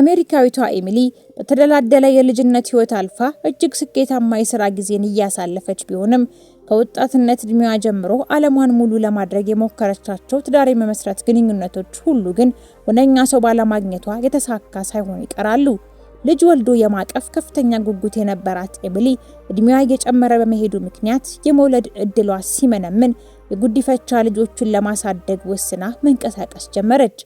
አሜሪካዊቷ ኤሚሊ በተደላደለ የልጅነት ህይወት አልፋ እጅግ ስኬታማ የስራ ጊዜን እያሳለፈች ቢሆንም ከወጣትነት እድሜዋ ጀምሮ ዓለሟን ሙሉ ለማድረግ የሞከረቻቸው ትዳር የመመስረት ግንኙነቶች ሁሉ ግን ሁነኛ ሰው ባለማግኘቷ የተሳካ ሳይሆን ይቀራሉ። ልጅ ወልዶ የማቀፍ ከፍተኛ ጉጉት የነበራት ኤሚሊ እድሜዋ እየጨመረ በመሄዱ ምክንያት የመውለድ እድሏ ሲመነምን የጉዲፈቻ ልጆቹን ለማሳደግ ወስና መንቀሳቀስ ጀመረች።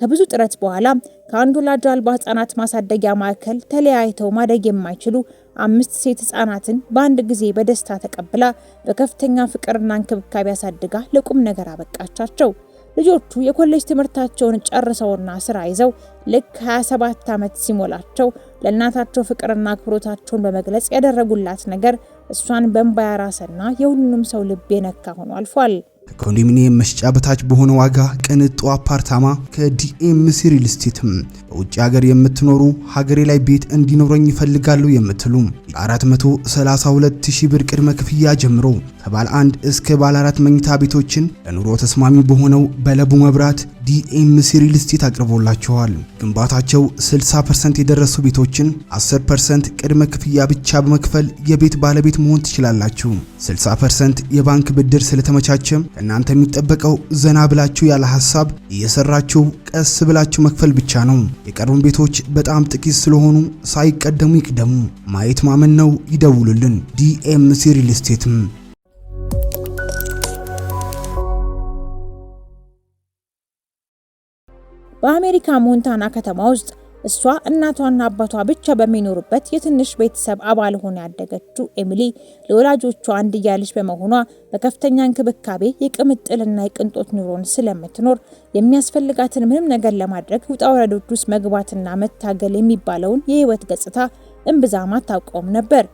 ከብዙ ጥረት በኋላ ከአንድ ወላጅ አልባ ህጻናት ማሳደጊያ ማዕከል ተለያይተው ማደግ የማይችሉ አምስት ሴት ህጻናትን በአንድ ጊዜ በደስታ ተቀብላ በከፍተኛ ፍቅርና እንክብካቤ አሳድጋ ለቁም ነገር አበቃቻቸው። ልጆቹ የኮሌጅ ትምህርታቸውን ጨርሰውና ስራ ይዘው ልክ 27 ዓመት ሲሞላቸው ለእናታቸው ፍቅርና አክብሮታቸውን በመግለጽ ያደረጉላት ነገር እሷን በእንባ ያራሰና የሁሉም ሰው ልብ የነካ ሆኖ አልፏል። ከኮንዶሚኒየም መሸጫ በታች በሆነ ዋጋ ቅንጡ አፓርታማ ከዲኤምሲ ሪል ስቴትም በውጭ ሀገር የምትኖሩ ሀገሬ ላይ ቤት እንዲኖረኝ ይፈልጋለሁ የምትሉ ለ432 ብር ቅድመ ክፍያ ጀምሮ ከባለ አንድ እስከ ባለ አራት መኝታ ቤቶችን ለኑሮ ተስማሚ በሆነው በለቡ መብራት ዲኤምሲ ሪል ስቴት አቅርቦላቸዋል። ግንባታቸው 60% የደረሱ ቤቶችን 10% ቅድመ ክፍያ ብቻ በመክፈል የቤት ባለቤት መሆን ትችላላችሁ። 60% የባንክ ብድር ስለተመቻቸም ከእናንተ የሚጠበቀው ዘና ብላችሁ ያለ ሀሳብ እየሰራችሁ ቀስ ብላችሁ መክፈል ብቻ ነው። የቀሩን ቤቶች በጣም ጥቂት ስለሆኑ ሳይቀደሙ ይቅደሙ። ማየት ማመን ነው። ይደውሉልን። ዲኤምሲ ሪል ስቴትም በአሜሪካ ሞንታና ከተማ ውስጥ እሷ እናቷና አባቷ ብቻ በሚኖሩበት የትንሽ ቤተሰብ አባል ሆና ያደገችው ኤሚሊ ለወላጆቿ አንድያ ልጅ በመሆኗ በከፍተኛ እንክብካቤ የቅምጥልና የቅንጦት ኑሮን ስለምትኖር የሚያስፈልጋትን ምንም ነገር ለማድረግ ውጣ ውረዶች ውስጥ መግባትና መታገል የሚባለውን የህይወት ገጽታ እምብዛም አታውቀውም ነበር።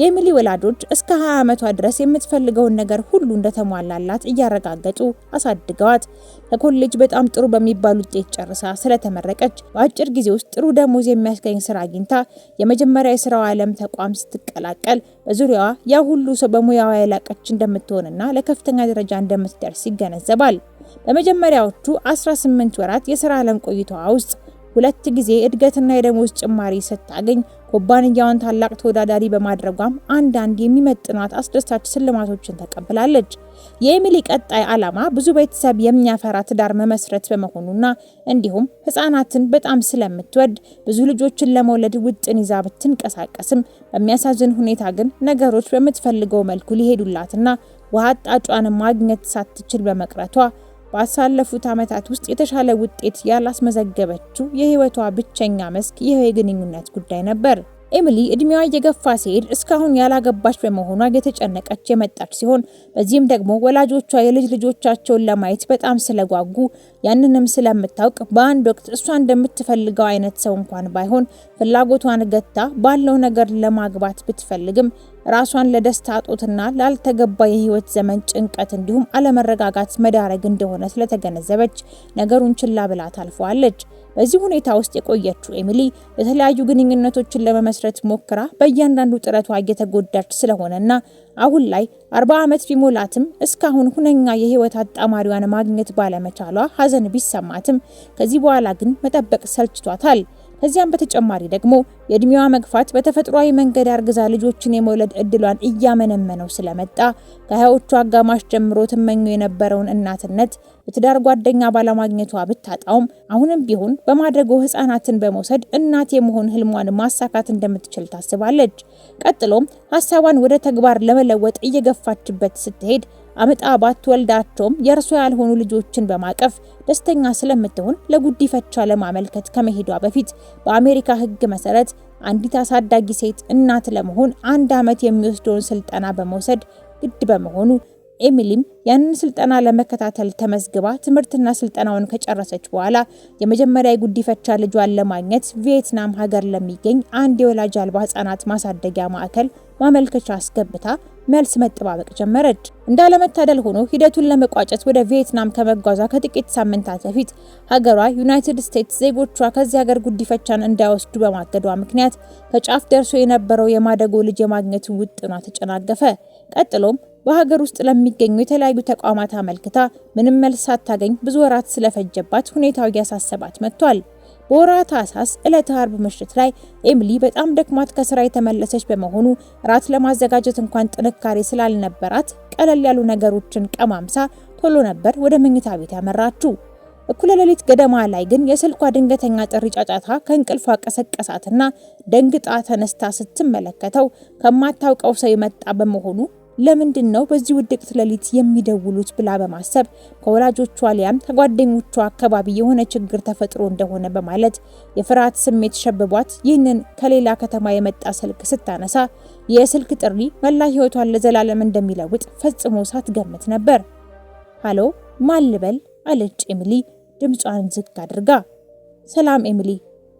የሚሊ ወላጆች እስከ 20 ዓመቷ ድረስ የምትፈልገውን ነገር ሁሉ እንደተሟላላት እያረጋገጡ አሳድገዋት ከኮሌጅ በጣም ጥሩ በሚባል ውጤት ጨርሳ ስለተመረቀች በአጭር ጊዜ ውስጥ ጥሩ ደሞዝ የሚያስገኝ ስራ አግኝታ የመጀመሪያ የስራው ዓለም ተቋም ስትቀላቀል በዙሪያዋ ያ ሁሉ ሰው በሙያዋ የላቀች እንደምትሆንና ለከፍተኛ ደረጃ እንደምትደርስ ይገነዘባል። በመጀመሪያዎቹ 18 ወራት የስራ ዓለም ቆይታዋ ውስጥ ሁለት ጊዜ እድገትና የደሞዝ ጭማሪ ስታገኝ ኩባንያዋን ታላቅ ተወዳዳሪ በማድረጓም አንዳንድ የሚመጥናት አስደሳች ሽልማቶችን ተቀብላለች። የኤሚሊ ቀጣይ ዓላማ ብዙ ቤተሰብ የሚያፈራ ትዳር መመስረት በመሆኑና እንዲሁም ሕፃናትን በጣም ስለምትወድ ብዙ ልጆችን ለመውለድ ውጥን ይዛ ብትንቀሳቀስም በሚያሳዝን ሁኔታ ግን ነገሮች በምትፈልገው መልኩ ሊሄዱላትና ውሃ አጣጯን ማግኘት ሳትችል በመቅረቷ ባሳለፉት ዓመታት ውስጥ የተሻለ ውጤት ያላስመዘገበችው የህይወቷ ብቸኛ መስክ ይህ የግንኙነት ጉዳይ ነበር። ኤሚሊ እድሜዋ እየገፋ ሲሄድ እስካሁን ያላገባች በመሆኗ የተጨነቀች የመጣች ሲሆን በዚህም ደግሞ ወላጆቿ የልጅ ልጆቻቸውን ለማየት በጣም ስለጓጉ ያንንም ስለምታውቅ በአንድ ወቅት እሷ እንደምትፈልገው አይነት ሰው እንኳን ባይሆን ፍላጎቷን ገታ ባለው ነገር ለማግባት ብትፈልግም ራሷን ለደስታ ጦትና ላልተገባ የህይወት ዘመን ጭንቀት እንዲሁም አለመረጋጋት መዳረግ እንደሆነ ስለተገነዘበች ነገሩን ችላ ብላ ታልፈዋለች። በዚህ ሁኔታ ውስጥ የቆየችው ኤሚሊ የተለያዩ ግንኙነቶችን ለመመስረት ሞክራ በእያንዳንዱ ጥረቷ እየተጎዳች ስለሆነና አሁን ላይ አርባ ዓመት ቢሞላትም እስካሁን ሁነኛ የህይወት አጣማሪዋን ማግኘት ባለመቻሏ ሀዘን ቢሰማትም ከዚህ በኋላ ግን መጠበቅ ሰልችቷታል። ከዚያም በተጨማሪ ደግሞ የእድሜዋ መግፋት በተፈጥሯዊ መንገድ አርግዛ ልጆችን የመውለድ እድሏን እያመነመነው ስለመጣ ከሀያዎቹ አጋማሽ ጀምሮ ትመኙ የነበረውን እናትነት የትዳር ጓደኛ ባለማግኘቷ ብታጣውም አሁንም ቢሆን በማደጎ ህፃናትን በመውሰድ እናት የመሆን ህልሟን ማሳካት እንደምትችል ታስባለች። ቀጥሎም ሀሳቧን ወደ ተግባር ለመለወጥ እየገፋችበት ስትሄድ አምጣ ባትወልዳቸውም የእርሷ ያልሆኑ ልጆችን በማቀፍ ደስተኛ ስለምትሆን ለጉዲፈቻ ለማመልከት ከመሄዷ በፊት በአሜሪካ ሕግ መሰረት አንዲት አሳዳጊ ሴት እናት ለመሆን አንድ ዓመት የሚወስደውን ስልጠና በመውሰድ ግድ በመሆኑ ኤሚሊም ያንን ስልጠና ለመከታተል ተመዝግባ ትምህርትና ስልጠናውን ከጨረሰች በኋላ የመጀመሪያ የጉዲፈቻ ልጇን ለማግኘት ቪየትናም ሀገር ለሚገኝ አንድ የወላጅ አልባ ህጻናት ማሳደጊያ ማዕከል ማመልከቻ አስገብታ መልስ መጠባበቅ ጀመረች። እንዳለመታደል ሆኖ ሂደቱን ለመቋጨት ወደ ቪየትናም ከመጓዟ ከጥቂት ሳምንታት በፊት ሀገሯ ዩናይትድ ስቴትስ ዜጎቿ ከዚህ ሀገር ጉዲፈቻን እንዳይወስዱ በማገዷ ምክንያት ከጫፍ ደርሶ የነበረው የማደጎ ልጅ የማግኘቱ ውጥኗ ተጨናገፈ። ቀጥሎም በሀገር ውስጥ ለሚገኙ የተለያዩ ተቋማት አመልክታ ምንም መልስ ሳታገኝ ብዙ ወራት ስለፈጀባት ሁኔታው እያሳሰባት መጥቷል። በወርሃ አሳስ ዕለተ አርብ ምሽት ላይ ኤምሊ በጣም ደክማት ከስራ የተመለሰች በመሆኑ ራት ለማዘጋጀት እንኳን ጥንካሬ ስላልነበራት ቀለል ያሉ ነገሮችን ቀማምሳ ቶሎ ነበር ወደ መኝታ ቤት ያመራችው። እኩለ ሌሊት ገደማ ላይ ግን የስልኳ ድንገተኛ ጥሪ ጫጫታ ከእንቅልፏ ቀሰቀሳትና ደንግጣ ተነስታ ስትመለከተው ከማታውቀው ሰው የመጣ በመሆኑ ለምንድን ነው በዚህ ውድቅት ሌሊት የሚደውሉት ብላ በማሰብ ከወላጆቿ ሊያም ከጓደኞቿ አካባቢ የሆነ ችግር ተፈጥሮ እንደሆነ በማለት የፍርሃት ስሜት ሸብቧት ይህንን ከሌላ ከተማ የመጣ ስልክ ስታነሳ የስልክ ጥሪ መላ ሕይወቷን ለዘላለም እንደሚለውጥ ፈጽሞ ሳትገምት ነበር። ሀሎ ማን ልበል አለች ኤሚሊ ድምጿን ዝግ አድርጋ። ሰላም ኤሚሊ፣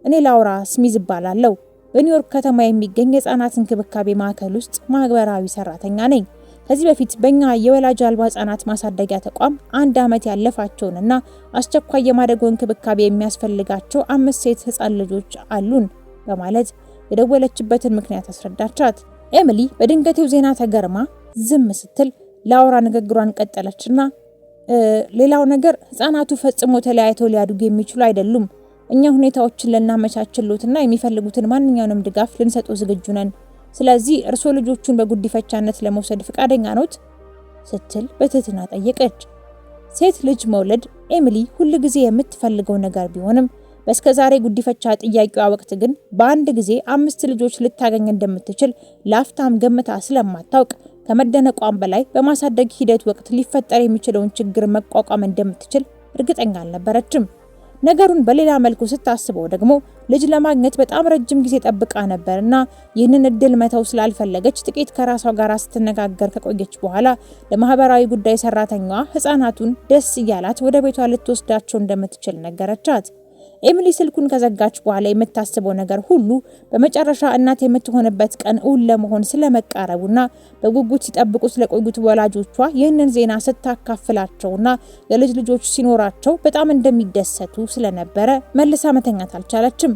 እኔ ላውራ ስሚዝ እባላለሁ በኒውዮርክ ከተማ የሚገኝ የህፃናት እንክብካቤ ማዕከል ውስጥ ማህበራዊ ሰራተኛ ነኝ። ከዚህ በፊት በእኛ የወላጅ አልባ ህጻናት ማሳደጊያ ተቋም አንድ ዓመት ያለፋቸውንና አስቸኳይ የማደጎ እንክብካቤ የሚያስፈልጋቸው አምስት ሴት ህጻን ልጆች አሉን በማለት የደወለችበትን ምክንያት አስረዳቻት። ኤሚሊ በድንገቴው ዜና ተገርማ ዝም ስትል ለአውራ ንግግሯን ቀጠለችና ሌላው ነገር ህጻናቱ ፈጽሞ ተለያይተው ሊያድጉ የሚችሉ አይደሉም እኛ ሁኔታዎችን ልናመቻችሎትና የሚፈልጉትን ማንኛውንም ድጋፍ ልንሰጡ ዝግጁ ነን። ስለዚህ እርስዎ ልጆቹን በጉዲፈቻነት ለመውሰድ ፈቃደኛ ኖት? ስትል በትህትና ጠየቀች። ሴት ልጅ መውለድ ኤሚሊ ጊዜ የምትፈልገው ነገር ቢሆንም በእስከ ዛሬ ጉዲፈቻ ጥያቄዋ ወቅት ግን በአንድ ጊዜ አምስት ልጆች ልታገኝ እንደምትችል ለአፍታም ገምታ ስለማታውቅ ከመደነቋም በላይ በማሳደግ ሂደት ወቅት ሊፈጠር የሚችለውን ችግር መቋቋም እንደምትችል እርግጠኛ አልነበረችም። ነገሩን በሌላ መልኩ ስታስበው ደግሞ ልጅ ለማግኘት በጣም ረጅም ጊዜ ጠብቃ ነበርና ይህንን እድል መተው ስላልፈለገች ጥቂት ከራሷ ጋር ስትነጋገር ከቆየች በኋላ ለማህበራዊ ጉዳይ ሰራተኛዋ ህጻናቱን ደስ እያላት ወደ ቤቷ ልትወስዳቸው እንደምትችል ነገረቻት። ኤሚሊ ስልኩን ከዘጋች በኋላ የምታስበው ነገር ሁሉ በመጨረሻ እናት የምትሆንበት ቀን እውን ለመሆን ስለመቃረቡና በጉጉት ሲጠብቁ ስለቆዩት ወላጆቿ ይህንን ዜና ስታካፍላቸውና ለልጅ ልጆች ሲኖራቸው በጣም እንደሚደሰቱ ስለነበረ መልሳ መተኛት አልቻለችም።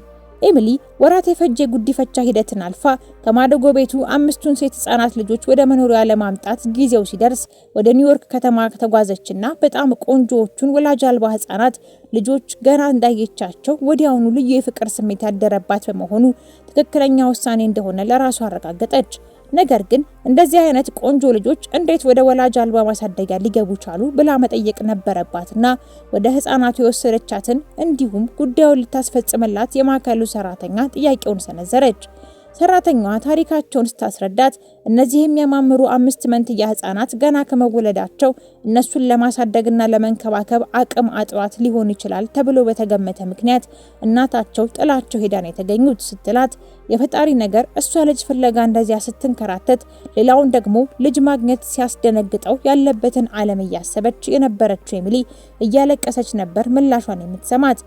ኤሚሊ ወራት የፈጀ ጉዲፈቻ ሂደትን አልፋ ከማደጎ ቤቱ አምስቱን ሴት ህጻናት ልጆች ወደ መኖሪያ ለማምጣት ጊዜው ሲደርስ ወደ ኒውዮርክ ከተማ ተጓዘችና በጣም ቆንጆዎቹን ወላጅ አልባ ህጻናት ልጆች ገና እንዳየቻቸው ወዲያውኑ ልዩ የፍቅር ስሜት ያደረባት በመሆኑ ትክክለኛ ውሳኔ እንደሆነ ለራሱ አረጋገጠች። ነገር ግን እንደዚህ አይነት ቆንጆ ልጆች እንዴት ወደ ወላጅ አልባ ማሳደጊያ ሊገቡ ቻሉ ብላ መጠየቅ ነበረባትና ወደ ህፃናቱ የወሰደቻትን እንዲሁም ጉዳዩን ልታስፈጽምላት የማዕከሉ ሰራተኛ ጥያቄውን ሰነዘረች። ሰራተኛዋ ታሪካቸውን ስታስረዳት እነዚህ የሚያማምሩ አምስት መንትያ ህጻናት ገና ከመወለዳቸው እነሱን ለማሳደግና ለመንከባከብ አቅም አጥሯት ሊሆን ይችላል ተብሎ በተገመተ ምክንያት እናታቸው ጥላቸው ሄዳን የተገኙት ስትላት የፈጣሪ ነገር እሷ ልጅ ፍለጋ እንደዚያ ስትንከራተት፣ ሌላውን ደግሞ ልጅ ማግኘት ሲያስደነግጠው ያለበትን ዓለም እያሰበች የነበረችው ኤሚሊ እያለቀሰች ነበር ምላሿን የምትሰማት።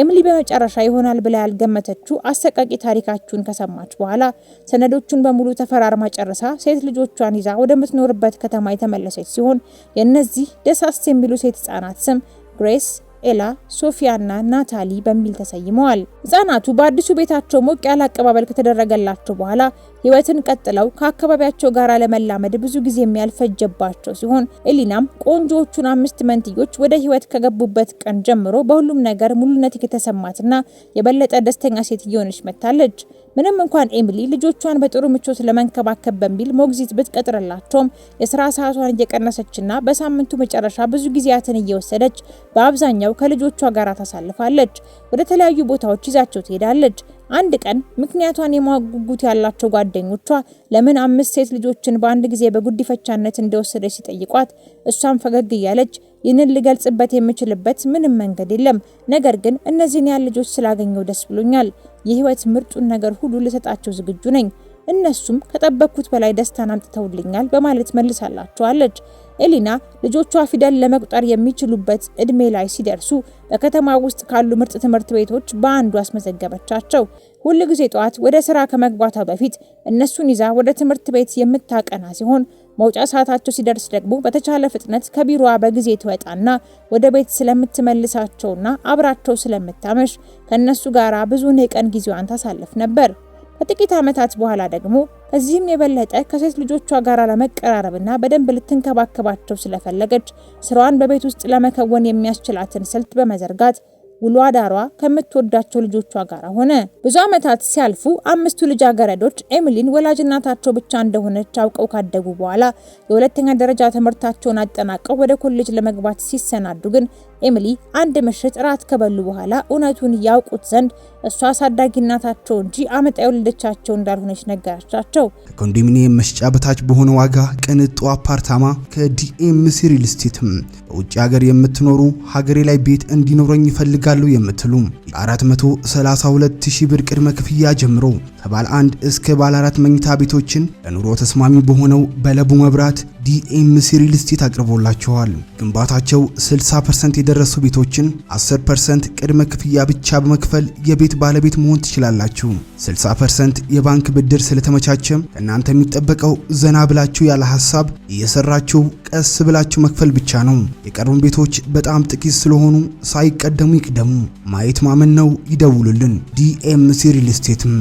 ኤምሊ በመጨረሻ ይሆናል ብላ ያልገመተችው አሰቃቂ ታሪካችሁን ከሰማች በኋላ ሰነዶቹን በሙሉ ተፈራርማ ጨርሳ ሴት ልጆቿን ይዛ ወደምትኖርበት ከተማ የተመለሰች ሲሆን የእነዚህ ደሳስ የሚሉ ሴት ህጻናት ስም ግሬስ ኤላ፣ ሶፊያና ናታሊ በሚል ተሰይመዋል። ህጻናቱ በአዲሱ ቤታቸው ሞቅ ያለ አቀባበል ከተደረገላቸው በኋላ ህይወትን ቀጥለው ከአካባቢያቸው ጋር ለመላመድ ብዙ ጊዜ የሚያልፈጀባቸው ሲሆን ኤሊናም ቆንጆዎቹን አምስት መንትዮች ወደ ህይወት ከገቡበት ቀን ጀምሮ በሁሉም ነገር ሙሉነት የተሰማትና የበለጠ ደስተኛ ሴት እየሆነች መጥታለች። ምንም እንኳን ኤሚሊ ልጆቿን በጥሩ ምቾት ለመንከባከብ በሚል ሞግዚት ብትቀጥርላቸውም የስራ ሰዓቷን እየቀነሰችና በሳምንቱ መጨረሻ ብዙ ጊዜያትን እየወሰደች በአብዛኛው ከልጆቿ ጋር ታሳልፋለች። ወደ ተለያዩ ቦታዎች ይዛቸው ትሄዳለች። አንድ ቀን ምክንያቷን የማወቅ ጉጉት ያላቸው ጓደኞቿ ለምን አምስት ሴት ልጆችን በአንድ ጊዜ በጉዲፈቻነት እንደወሰደች ሲጠይቋት እሷም ፈገግ እያለች ይህንን ልገልጽበት የምችልበት ምንም መንገድ የለም፣ ነገር ግን እነዚህን ያህል ልጆች ስላገኘው ደስ ብሎኛል የህይወት ምርጡን ነገር ሁሉ ልሰጣቸው ዝግጁ ነኝ፣ እነሱም ከጠበቅኩት በላይ ደስታን አምጥተውልኛል በማለት መልሳላቸዋለች። ኤሊና ልጆቿ ፊደል ለመቁጠር የሚችሉበት እድሜ ላይ ሲደርሱ በከተማ ውስጥ ካሉ ምርጥ ትምህርት ቤቶች በአንዱ አስመዘገበቻቸው። ሁልጊዜ ጠዋት ወደ ስራ ከመግባቷ በፊት እነሱን ይዛ ወደ ትምህርት ቤት የምታቀና ሲሆን መውጫ ሰዓታቸው ሲደርስ ደግሞ በተቻለ ፍጥነት ከቢሮዋ በጊዜ ትወጣና ወደ ቤት ስለምትመልሳቸውና አብራቸው ስለምታመሽ ከእነሱ ጋር ብዙውን የቀን ጊዜዋን ታሳልፍ ነበር። ከጥቂት ዓመታት በኋላ ደግሞ ከዚህም የበለጠ ከሴት ልጆቿ ጋር ለመቀራረብና በደንብ ልትንከባከባቸው ስለፈለገች ስራዋን በቤት ውስጥ ለመከወን የሚያስችላትን ስልት በመዘርጋት ውሎ አዳሯ ከምትወዳቸው ልጆቿ ጋር ሆነ። ብዙ ዓመታት ሲያልፉ አምስቱ ልጃገረዶች ኤሚሊን ወላጅነታቸው ብቻ እንደሆነች አውቀው ካደጉ በኋላ የሁለተኛ ደረጃ ትምህርታቸውን አጠናቀው ወደ ኮሌጅ ለመግባት ሲሰናዱ ግን ኤሚሊ አንድ ምሽት ራት ከበሉ በኋላ እውነቱን ያውቁት ዘንድ እሷ አሳዳጊናታቸው እናታቸው እንጂ አመጣ የወለደቻቸው እንዳልሆነች ነገረቻቸው። ከኮንዶሚኒየም መሸጫ በታች በሆነ ዋጋ ቅንጡ አፓርታማ ከዲኤም ሲሪል ስቴትም በውጭ ሀገር የምትኖሩ ሀገሬ ላይ ቤት እንዲኖረኝ ይፈልጋሉ የምትሉ ለ432000 ብር ቅድመ ክፍያ ጀምሮ ከባለ አንድ እስከ ባለ አራት መኝታ ቤቶችን ለኑሮ ተስማሚ በሆነው በለቡ መብራት ዲኤምሲ ሪል ስቴት አቅርቦላቸዋል። ግንባታቸው 60% የደረሱ ቤቶችን 10% ቅድመ ክፍያ ብቻ በመክፈል የቤት ባለቤት መሆን ትችላላችሁ። 60% የባንክ ብድር ስለተመቻቸም ከእናንተ የሚጠበቀው ዘና ብላችሁ ያለ ሀሳብ እየሰራችሁ ቀስ ብላችሁ መክፈል ብቻ ነው። የቀሩን ቤቶች በጣም ጥቂት ስለሆኑ ሳይቀደሙ ይቅደሙ። ማየት ማመን ነው። ይደውሉልን። ዲኤምሲ ሪል ስቴትም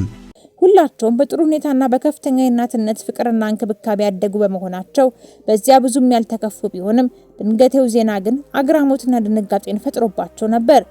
ሁላቸውም በጥሩ ሁኔታና በከፍተኛ የእናትነት ፍቅርና እንክብካቤ ያደጉ በመሆናቸው በዚያ ብዙም ያልተከፉ ቢሆንም ድንገቴው ዜና ግን አግራሞትና ድንጋጤን ፈጥሮባቸው ነበር።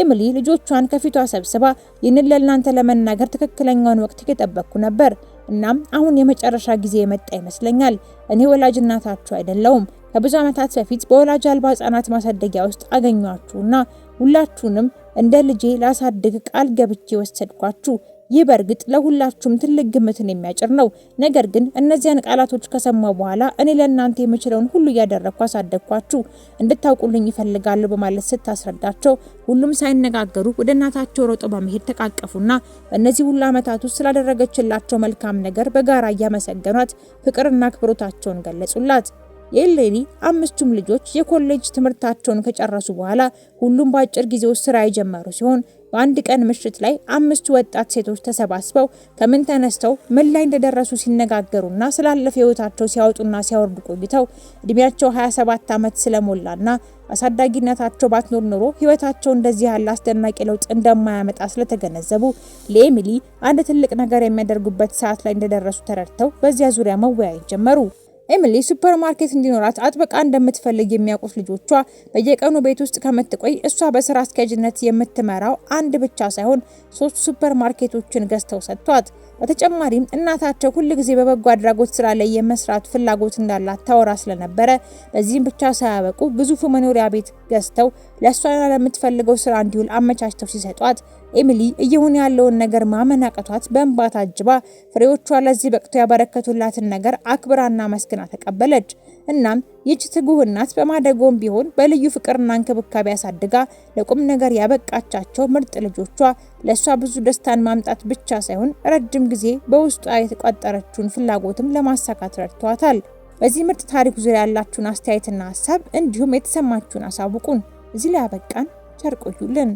ኤሚሊ ልጆቿን ከፊቷ ሰብስባ ይህንን ለእናንተ ለመናገር ትክክለኛውን ወቅት እየጠበቅኩ ነበር። እናም አሁን የመጨረሻ ጊዜ የመጣ ይመስለኛል። እኔ ወላጅ እናታችሁ አይደለውም። ከብዙ ዓመታት በፊት በወላጅ አልባ ህጻናት ማሳደጊያ ውስጥ አገኟችሁና ሁላችሁንም እንደ ልጄ ላሳድግ ቃል ገብቼ ወሰድኳችሁ። ይህ በእርግጥ ለሁላችሁም ትልቅ ግምትን የሚያጭር ነው። ነገር ግን እነዚያን ቃላቶች ከሰማ በኋላ እኔ ለእናንተ የምችለውን ሁሉ እያደረግኩ አሳደግኳችሁ እንድታውቁልኝ ይፈልጋሉ በማለት ስታስረዳቸው ሁሉም ሳይነጋገሩ ወደ እናታቸው ሮጦ በመሄድ ተቃቀፉና በእነዚህ ሁሉ ዓመታት ውስጥ ስላደረገችላቸው መልካም ነገር በጋራ እያመሰገኗት ፍቅርና አክብሮታቸውን ገለጹላት። የእሌኒ አምስቱም ልጆች የኮሌጅ ትምህርታቸውን ከጨረሱ በኋላ ሁሉም በአጭር ጊዜ ውስጥ ስራ የጀመሩ ሲሆን በአንድ ቀን ምሽት ላይ አምስቱ ወጣት ሴቶች ተሰባስበው ከምን ተነስተው ምን ላይ እንደደረሱ ሲነጋገሩና ስላለፈ ህይወታቸው ሲያወጡና ሲያወርዱ ቆይተው እድሜያቸው 27 ዓመት ስለሞላና አሳዳጊነታቸው ባትኖር ኖሮ ህይወታቸው እንደዚህ ያለ አስደናቂ ለውጥ እንደማያመጣ ስለተገነዘቡ ለኤሚሊ አንድ ትልቅ ነገር የሚያደርጉበት ሰዓት ላይ እንደደረሱ ተረድተው በዚያ ዙሪያ መወያየት ጀመሩ። ኤሚሊ ሱፐር ማርኬት እንዲኖራት አጥብቃ እንደምትፈልግ የሚያውቁት ልጆቿ በየቀኑ ቤት ውስጥ ከምትቆይ እሷ በስራ አስኪያጅነት የምትመራው አንድ ብቻ ሳይሆን ሶስት ሱፐር ማርኬቶችን ገዝተው ሰጥቷት፣ በተጨማሪም እናታቸው ሁልጊዜ በበጎ አድራጎት ስራ ላይ የመስራት ፍላጎት እንዳላት ታወራ ስለነበረ በዚህም ብቻ ሳያበቁ ግዙፍ መኖሪያ ቤት ገዝተው ለእሷና ለምትፈልገው ስራ እንዲውል አመቻችተው ሲሰጧት ኤሚሊ እየሆነ ያለውን ነገር ማመናቀቷት በእንባ ታጅባ ፍሬዎቿ ለዚህ በቅቶ ያበረከቱላትን ነገር አክብራና መስግና ተቀበለች። እናም ይች ትጉህ እናት በማደጎም ቢሆን በልዩ ፍቅርና እንክብካቤ አሳድጋ ለቁም ነገር ያበቃቻቸው ምርጥ ልጆቿ ለእሷ ብዙ ደስታን ማምጣት ብቻ ሳይሆን ረጅም ጊዜ በውስጧ የተቋጠረችውን ፍላጎትም ለማሳካት ረድተዋታል። በዚህ ምርጥ ታሪክ ዙሪያ ያላችሁን አስተያየትና ሀሳብ እንዲሁም የተሰማችሁን አሳውቁን። እዚህ ላይ አበቃን። ቸር ቆዩልን።